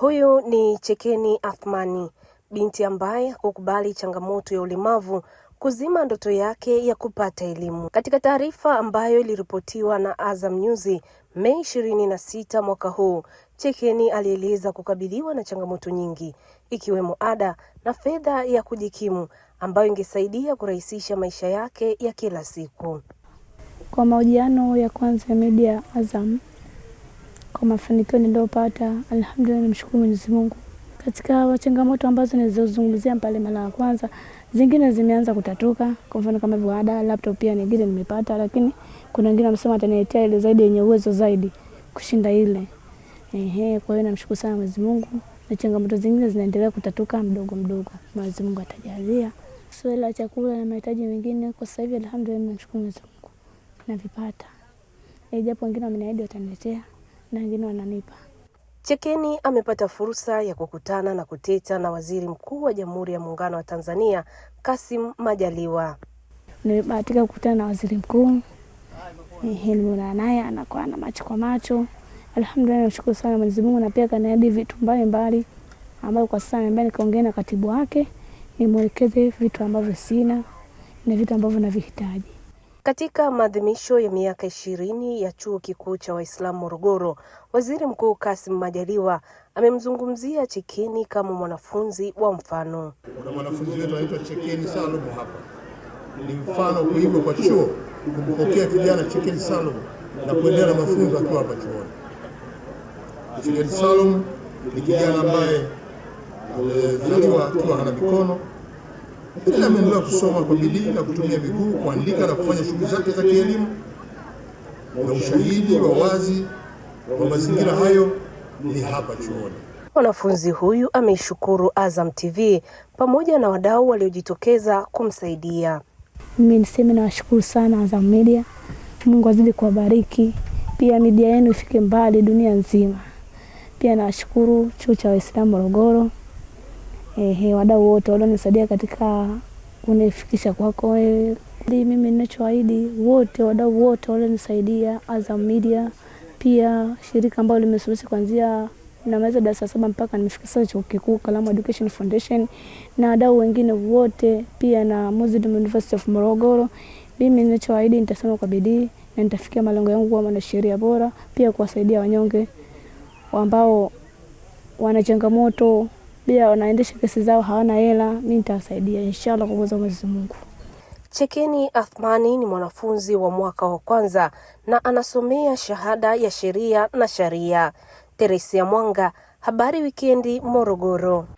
Huyu ni Chekeni Athmani, binti ambaye hakukubali changamoto ya ulemavu kuzima ndoto yake ya kupata elimu. Katika taarifa ambayo iliripotiwa na Azam News Mei ishirini na sita mwaka huu, Chekeni alieleza kukabiliwa na changamoto nyingi ikiwemo ada na fedha ya kujikimu ambayo ingesaidia kurahisisha maisha yake ya kila siku. Kwa mahojiano ya kwanza ya media Azam kwa mafanikio niliyopata, alhamdulillah, nimshukuru Mwenyezi Mungu. Katika changamoto ambazo nilizozungumzia pale mara ya kwanza, zingine zimeanza kutatuka. Kwa mfano kama hivyo ada laptop pia nyingine nimepata, lakini kuna wengine wamesema ataniletea ile zaidi yenye uwezo zaidi kushinda ile. Ehe, kwa hiyo namshukuru sana Mwenyezi Mungu na changamoto zingine zinaendelea kutatuka mdogo mdogo. Mwenyezi Mungu atajalia swala la chakula na mahitaji mengine. Kwa sasa hivi alhamdulillah, namshukuru Mwenyezi Mungu navipata, japo wengine wameniahidi wataniletea na wengine wananipa. Chekeni amepata fursa ya kukutana na kuteta na Waziri Mkuu wa Jamhuri ya Muungano wa Tanzania kasim Majaliwa. Nimebahatika kukutana na waziri mkuu, nimeonana naye anakuwa na macho kwa macho. Alhamdulillah, nashukuru sana Mwenyezi Mungu, na pia kaniahidi vitu mbalimbali ambayo kwa sasa niambia nikaongea na katibu wake nimwelekeze vitu ambavyo sina na vitu ambavyo navihitaji. Katika maadhimisho ya miaka ishirini ya Chuo Kikuu cha Waislamu Morogoro, Waziri Mkuu Kassim Majaliwa amemzungumzia Chekeni kama mwanafunzi wa mfano. Kuna mwanafunzi wetu anaitwa Chekeni salumu hapa ni mfano kuigwa kwa chuo kumpokea kijana Chekeni salumu na kuendelea na mafunzo akiwa hapa chuoni. Chekeni salumu ni kijana ambaye amezaliwa akiwa hana mikono lakini ameendelea kusoma kwa bidii na kutumia miguu kuandika na kufanya shughuli zake za kielimu, na ushahidi wa wazi wa mazingira hayo ni hapa chuoni. Mwanafunzi huyu ameishukuru Azam TV pamoja na wadau waliojitokeza kumsaidia. Mimi niseme nawashukuru sana Azam Media, Mungu azidi kuwabariki, pia media yenu ifike mbali dunia nzima. Pia nawashukuru chuo cha Waislamu Morogoro eh, wadau wote walionisaidia katika kunifikisha kwako wewe. Mimi ninachoahidi wote, wadau wote walionisaidia, Azam Media pia shirika ambalo limesomesha kuanzia namaliza darasa saba mpaka nimefikisha chuo kikuu Kalamu Education Foundation na wadau wengine wote pia na Muslim University of Morogoro. Mimi ninachoahidi nitasema kwa bidii na nitafikia malengo yangu kuwa mwanasheria bora, pia kuwasaidia wanyonge ambao wana changamoto pia wanaendesha kesi zao hawana hela, mi nitawasaidia inshallah kwa uwezo wa Mwenyezi Mungu. Chekeni Athmani ni mwanafunzi wa mwaka wa kwanza na anasomea shahada ya sheria na sharia. Teresia Mwanga, Habari Wikendi, Morogoro.